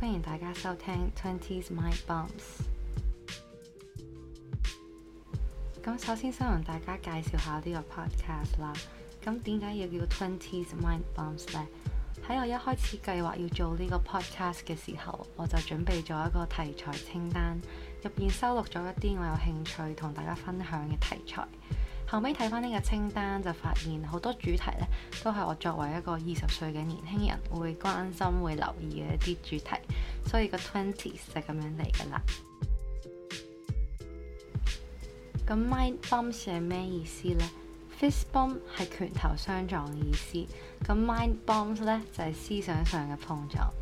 歡迎大家收聽 Twenties Mind Bumps 咁首先想同大家介紹下呢個 podcast 啦。咁點解要叫 Twenties Mind Bumps 呢？喺我一開始計劃要做呢個 podcast 嘅時候，我就準備咗一個題材清單，入邊收錄咗一啲我有興趣同大家分享嘅題材。後尾睇返呢個清單就發現好多主題呢都係我作為一個二十歲嘅年輕人會關心、會留意嘅一啲主題，所以個 twenties 就咁樣嚟噶啦。咁 mind bumps 係咩意思呢？fist bump 係拳頭相撞嘅意思，咁 mind bumps 呢就係思想上嘅碰撞。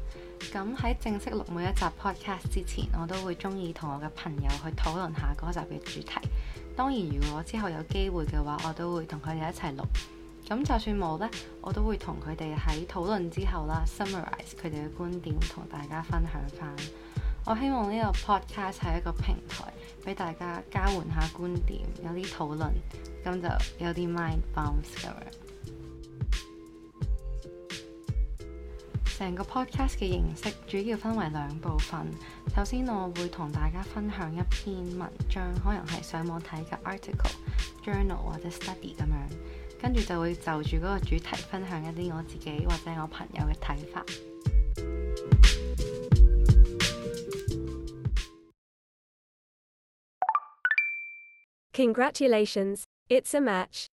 咁喺正式錄每一集 podcast 之前，我都會鍾意同我嘅朋友去討論下嗰集嘅主題。當然，如果之後有機會嘅話，我都會同佢哋一齊錄。咁就算冇呢，我都會同佢哋喺討論之後啦，summarise 佢哋嘅觀點，同大家分享返。我希望呢個 podcast 係一個平台，俾大家交換下觀點，有啲討論，咁就有啲 mind bombs 咁樣。成個 podcast 嘅形式主要分為兩部分。首先，我會同大家分享一篇文章，可能係上網睇嘅 article、journal 或者 study 咁樣，跟住就會就住嗰個主題分享一啲我自己或者我朋友嘅睇法。Congratulations! It's a match.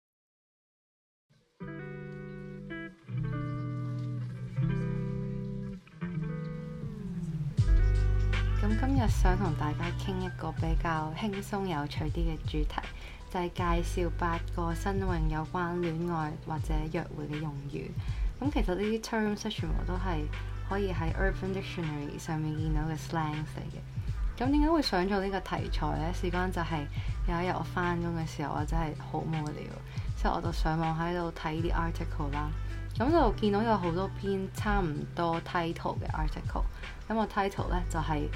咁今日想同大家傾一個比較輕鬆有趣啲嘅主題，就係、是、介紹八個新興有關戀愛或者約會嘅用語。咁其實呢啲 term 咧，全部都係可以喺 Urban Dictionary 上面見到嘅 slang 嚟嘅。咁點解會想做呢個題材呢？事關就係有一日我翻工嘅時候，我真係好無聊，所以我就上網喺度睇啲 article 啦。咁就見到有好多篇差唔多 title 嘅 article，咁個 title 咧就係、是、～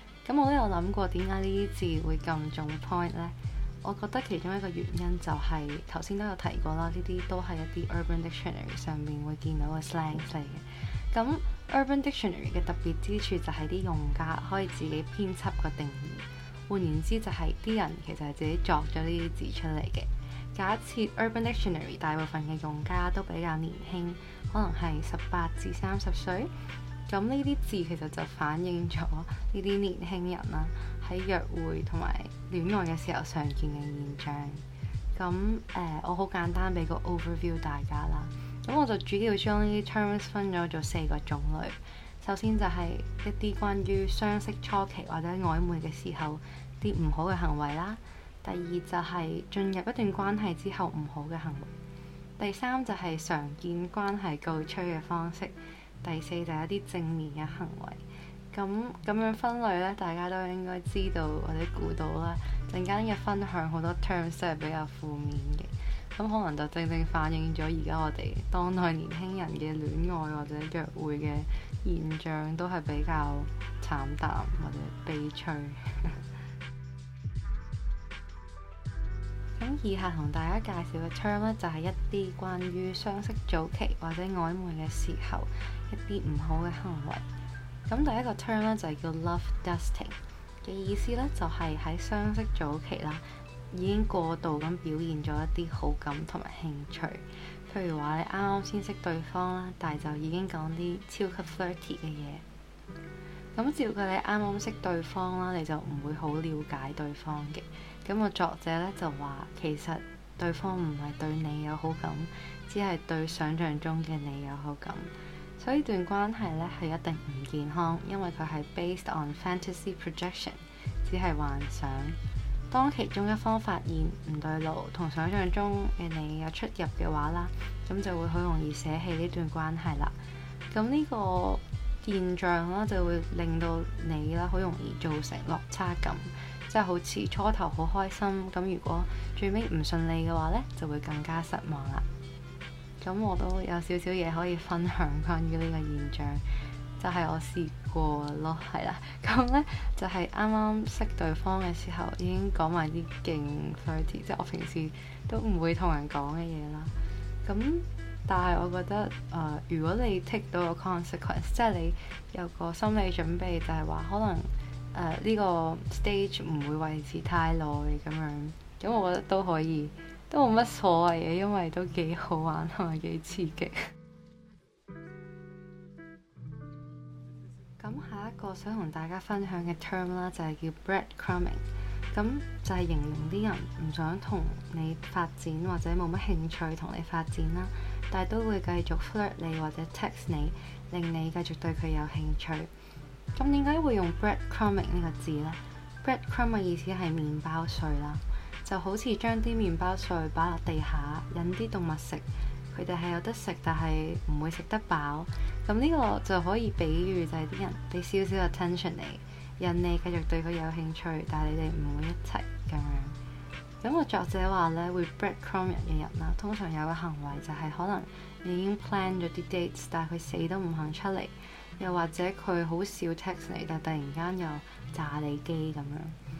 咁我都有諗過點解呢啲字會咁中 point 呢，我覺得其中一個原因就係頭先都有提過啦，呢啲都係一啲 Urban Dictionary 上面會見到嘅 slang 嚟嘅。咁 Urban Dictionary 嘅特別之處就係啲用家可以自己編輯個定義，換言之就係啲人其實係自己作咗呢啲字出嚟嘅。假設 Urban Dictionary 大部分嘅用家都比較年輕，可能係十八至三十歲。咁呢啲字其實就反映咗呢啲年輕人啦，喺約會同埋戀愛嘅時候常見嘅現象。咁誒、呃，我好簡單俾個 overview 大家啦。咁我就主要將呢啲 terms 分咗做四個種類。首先就係一啲關於相識初期或者曖昧嘅時候啲唔好嘅行為啦。第二就係進入一段關係之後唔好嘅行為。第三就係常見關係告吹嘅方式。第四就係一啲正面嘅行為。咁咁樣分類呢，大家都應該知道或者估到啦。陣間嘅分享好多 terms 都係比較負面嘅，咁可能就正正反映咗而家我哋當代年輕人嘅戀愛或者約會嘅現象都係比較慘淡或者悲催。咁 以下同大家介紹嘅 term 呢，就係一啲關於相識早期或者曖昧嘅時候。一啲唔好嘅行為咁，第一個 term 呢，就係叫 love dusting，嘅意思呢就係喺相識早期啦，已經過度咁表現咗一啲好感同埋興趣。譬如話你啱啱先識對方啦，但係就已經講啲超級 flirty 嘅嘢。咁，照佢你啱啱識對方啦，你就唔會好了解對方嘅。咁個作者呢，就話，其實對方唔係對你有好感，只係對想像中嘅你有好感。所以段關係咧，係一定唔健康，因為佢係 based on fantasy projection，只係幻想。當其中一方發現唔對路，同想象中嘅你有出入嘅話啦，咁就會好容易捨棄呢段關係啦。咁呢個現象啦，就會令到你啦好容易造成落差感，即係好似初頭好開心，咁如果最尾唔順利嘅話呢，就會更加失望啦。咁我都有少少嘢可以分享關於呢個現象，就係我試過咯，係啦。咁呢就係啱啱識對方嘅時候已經講埋啲勁廢字，即係我平時都唔會同人講嘅嘢啦。咁但係我覺得，誒如果你 take 到個 consequence，即係你有個心理準備，就係話可能誒呢個 stage 唔會維持太耐咁樣，咁我覺得都可以。都冇乜所謂嘅，因為都幾好玩同埋幾刺激。咁 下一個想同大家分享嘅 term 啦，就係叫 bread crumbing。咁就係形容啲人唔想同你發展或者冇乜興趣同你發展啦，但係都會繼續 flirt 你或者 text 你，令你繼續對佢有興趣。咁點解會用 bread crumbing 呢個字呢？bread crumb 嘅意思係麵包碎啦。就好似將啲麵包碎擺落地下，引啲動，動物食，佢哋係有得食，但係唔會食得飽。咁呢個就可以比喻就係啲人俾少少 attention 你，引你繼續對佢有興趣，但係你哋唔會一齊咁樣。咁個作者話呢，會 breadcrumb 嘅人啦，通常有個行為就係可能你已經 plan 咗啲 dates，但係佢死都唔肯出嚟。又或者佢好少 text 你，但突然間又炸你機咁樣。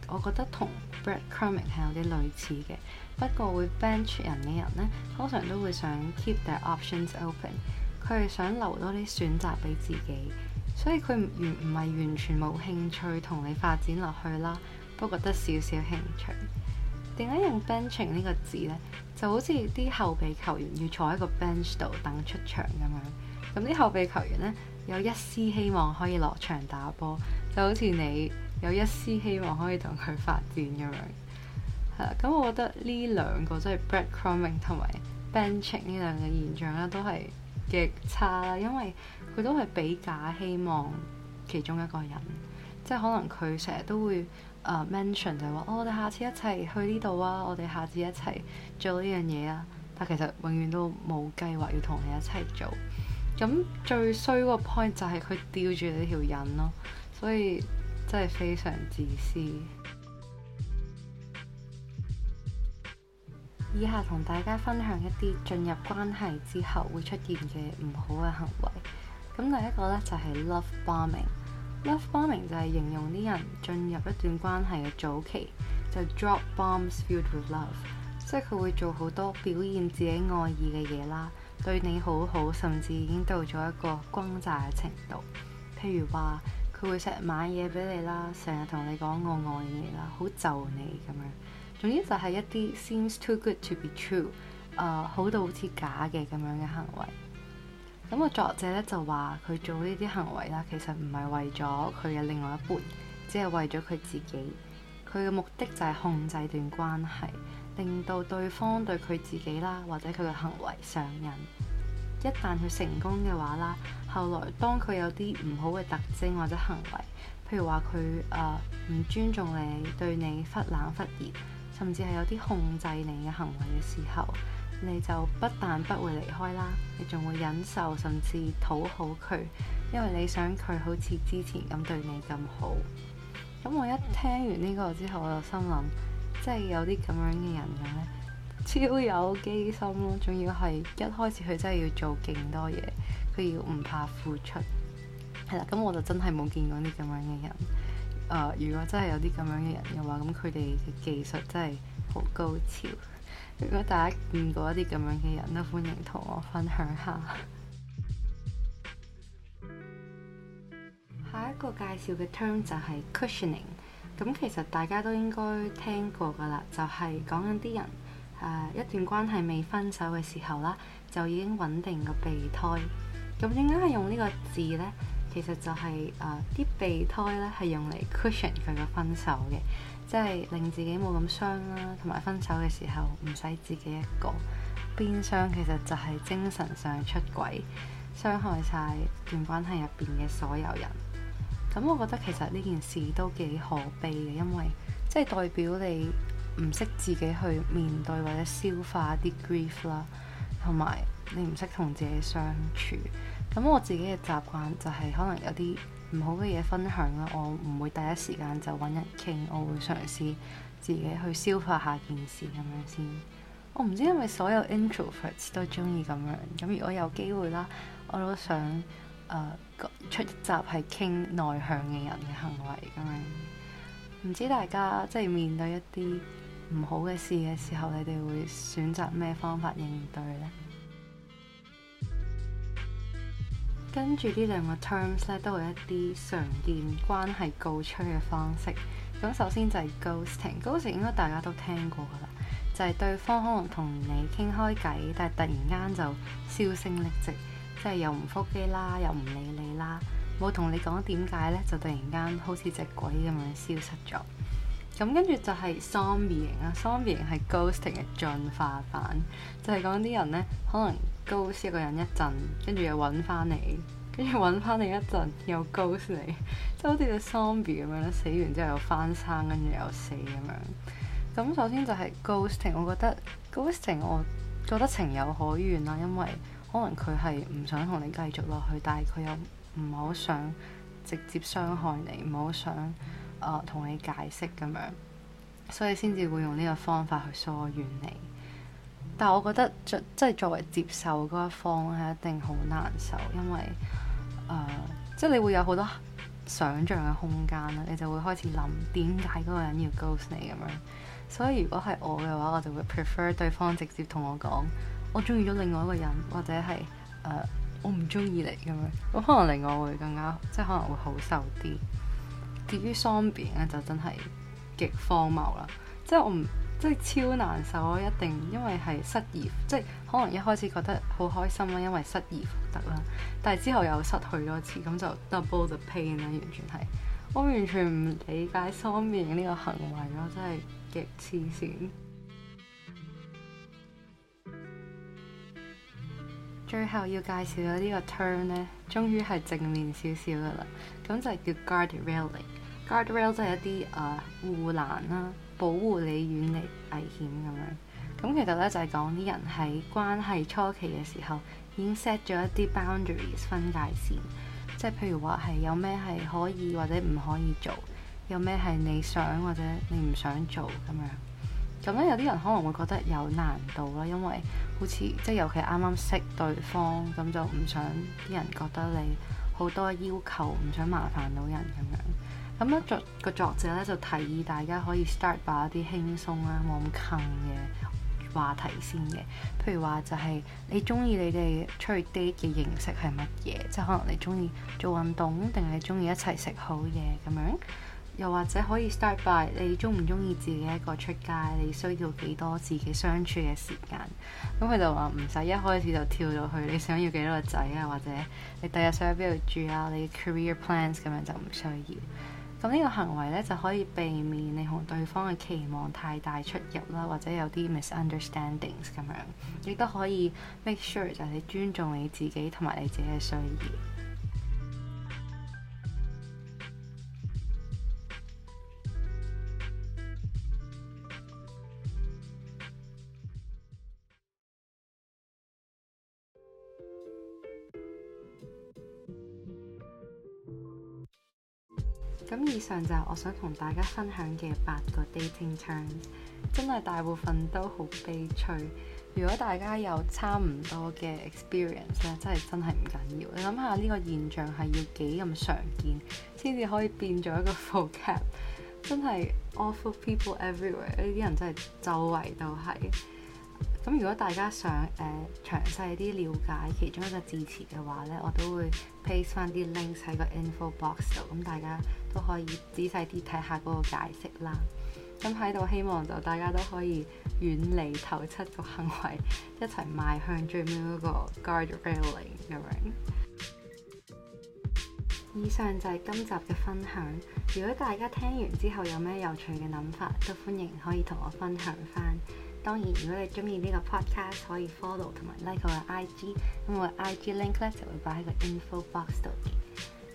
我覺得同 breadcrumbing 係有啲類似嘅，不過會 bench 人嘅人呢，通常都會想 keep their options open，佢係想留多啲選擇俾自己，所以佢唔完唔係完全冇興趣同你發展落去啦，不過覺得少少興趣。點解用 benching 呢個字呢，就好似啲後備球員要坐喺個 bench 度等出場咁樣。咁啲後備球員呢，有一絲希望可以落場打波，就好似你，有一絲希望可以同佢發展咁樣係啦。咁我覺得呢兩個即係、就是、breadcrumbing 同埋 benching 呢兩個現象咧，都係極差啦，因為佢都係俾假希望其中一個人，即係可能佢成日都會誒、呃、mention 就係話哦，我哋下次一齊去呢度啊，我哋下次一齊做呢樣嘢啊。但其實永遠都冇計劃要同你一齊做。咁最衰個 point 就係佢吊住你條癮咯，所以。真係非常自私。以下同大家分享一啲進入關係之後會出現嘅唔好嘅行為。咁第一個呢，就係 love bombing。love bombing 就係形容啲人進入一段關係嘅早期就 drop bombs filled with love，即係佢會做好多表現自己愛意嘅嘢啦，對你好好，甚至已經到咗一個轟炸嘅程度。譬如話，佢會成日買嘢俾你啦，成日同你講我愛你啦，好就你咁樣。總之就係一啲 seems too good to be true，誒、呃、好到好似假嘅咁樣嘅行為。咁個作者咧就話佢做呢啲行為啦，其實唔係為咗佢嘅另外一半，只係為咗佢自己。佢嘅目的就係控制段關係，令到對方對佢自己啦，或者佢嘅行為上癮。一旦佢成功嘅話啦，後來當佢有啲唔好嘅特徵或者行為，譬如話佢誒唔尊重你，對你忽冷忽熱，甚至係有啲控制你嘅行為嘅時候，你就不但不會離開啦，你仲會忍受，甚至討好佢，因為你想佢好似之前咁對你咁好。咁我一聽完呢個之後，我就心諗，即係有啲咁樣嘅人咁咧。超有機心咯！仲要係一開始，佢真係要做勁多嘢，佢要唔怕付出係啦。咁我就真係冇見過啲咁樣嘅人。誒、呃，如果真係有啲咁樣嘅人嘅話，咁佢哋嘅技術真係好高超。如果大家見過一啲咁樣嘅人，都歡迎同我分享下。下一個介紹嘅 term 就係 cushioning。咁其實大家都應該聽過㗎啦，就係、係、講緊啲人。誒一段關係未分手嘅時候啦，就已經穩定個備胎。咁點解係用呢個字呢？其實就係誒啲備胎咧，係用嚟 cushion 佢個分手嘅，即係令自己冇咁傷啦，同埋分手嘅時候唔使自己一個。變相其實就係精神上出軌，傷害晒段關係入邊嘅所有人。咁我覺得其實呢件事都幾可悲嘅，因為即係代表你。唔識自己去面對或者消化啲 grief 啦，同埋你唔識同自己相處。咁我自己嘅習慣就係可能有啲唔好嘅嘢分享啦，我唔會第一時間就揾人傾，我會嘗試自己去消化下件事咁樣先。我唔知因為所有 introverts 都中意咁樣，咁如果有機會啦，我都想、呃、出一集係傾內向嘅人嘅行為咁樣。唔知大家即係、就係、面對一啲～唔好嘅事嘅時候，你哋會選擇咩方法應對呢？跟住呢兩個 terms 咧，都係一啲常見關係告吹嘅方式。咁首先就係 ghosting，ghosting 應該大家都聽過㗎喇，就係對方可能同你傾開偈，但係突然間就銷聲匿跡，即係又唔覆機啦，又唔理你啦，冇同你講點解呢，就突然間好似隻鬼咁樣消失咗。咁跟住就係 zombie 型啦，zombie 型係 ghosting 嘅進化版， 就係講啲人呢，可能 ghost 一個人一陣，跟住又揾翻你，跟住揾翻你一陣又 ghost 你，即 係好似隻 zombie 咁樣啦，死完之後又翻生，跟住又死咁樣。咁首先就係 ghosting，我覺得 ghosting 我做得情有可原啦，因為可能佢係唔想同你繼續落去，但係佢又唔好想直接傷害你，唔好想。同你、啊、解釋咁樣，所以先至會用呢個方法去疏遠你。但係我覺得即係作為接受嗰一方係一定好難受，因為、呃、即係你會有好多想像嘅空間啦，你就會開始諗點解嗰個人要 ghost 你咁樣。所以如果係我嘅話，我就會 prefer 對方直接同我講，我中意咗另外一個人，或者係誒、呃、我唔中意你咁樣，咁可能令我會更加即係可能會好受啲。至於 zombieing 咧，就真係極荒謬啦！即係我唔，即係超難受。我一定因為係失業，即係可能一開始覺得好開心啦，因為失而復得啦，但係之後又失去多一次，咁就 double the pain 啦！完全係，我完全唔理解 zombieing 呢個行為咯，真係極痴線。最後要介紹咗呢個 term 咧，終於係正面少少噶啦，咁就係叫 guardrailing。guardrail 即係一啲誒護欄啦，保護你遠離危險咁樣。咁其實咧就係講啲人喺關係初期嘅時候已經 set 咗一啲 boundaries 分界線，即係譬如話係有咩係可以或者唔可以做，有咩係你想或者你唔想做咁樣。咁咧有啲人可能會覺得有難度啦，因為好似即係尤其啱啱識對方咁，就唔想啲人覺得你好多要求，唔想麻煩到人咁樣。咁作個作者咧，就提議大家可以 start by 一啲輕鬆啦，冇咁近嘅話題先嘅。譬如話就係、是、你中意你哋出去 date 嘅形式係乜嘢？即係可能你中意做運動，定係中意一齊食好嘢咁樣。又或者可以 start by 你中唔中意自己一個出街？你需要幾多自己相處嘅時間？咁佢就話唔使一開始就跳到去你想要幾多個仔啊，或者你第日想喺邊度住啊？你 career plans 咁樣就唔需要。咁呢個行為咧就可以避免你同對方嘅期望太大出入啦，或者有啲 misunderstandings 咁樣，亦都可以 make sure 就係你尊重你自己同埋你自己嘅需要。咁以上就係我想同大家分享嘅八個 dating terms，真係大部分都好悲催。如果大家有差唔多嘅 experience 咧，真係真係唔緊要。你諗下呢個現象係要幾咁常見，先至可以變做一個 full cap。真係 awful people everywhere，呢啲人真係周圍都係。咁如果大家想誒、呃、詳細啲了解其中一個字詞嘅話呢，我都會 paste 翻啲 links 喺個 info box 度，咁大家都可以仔細啲睇下嗰個解釋啦。咁喺度希望就大家都可以遠離頭七個行為，一齊邁向最尾嗰個 guard railing 咁樣。以上就係今集嘅分享。如果大家聽完之後有咩有趣嘅諗法，都歡迎可以同我分享翻。當然，如果你中意呢個 podcast，可以 follow 同埋 like 我嘅 IG，咁我嘅 IG link 咧就會擺喺個 info box 度。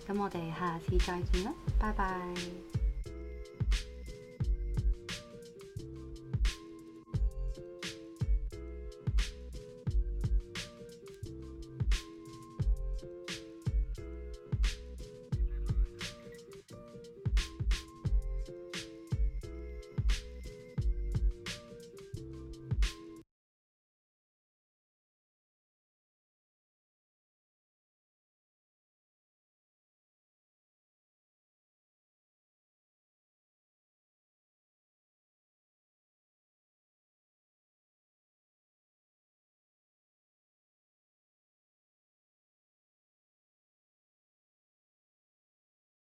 咁我哋下次再見啦，拜拜。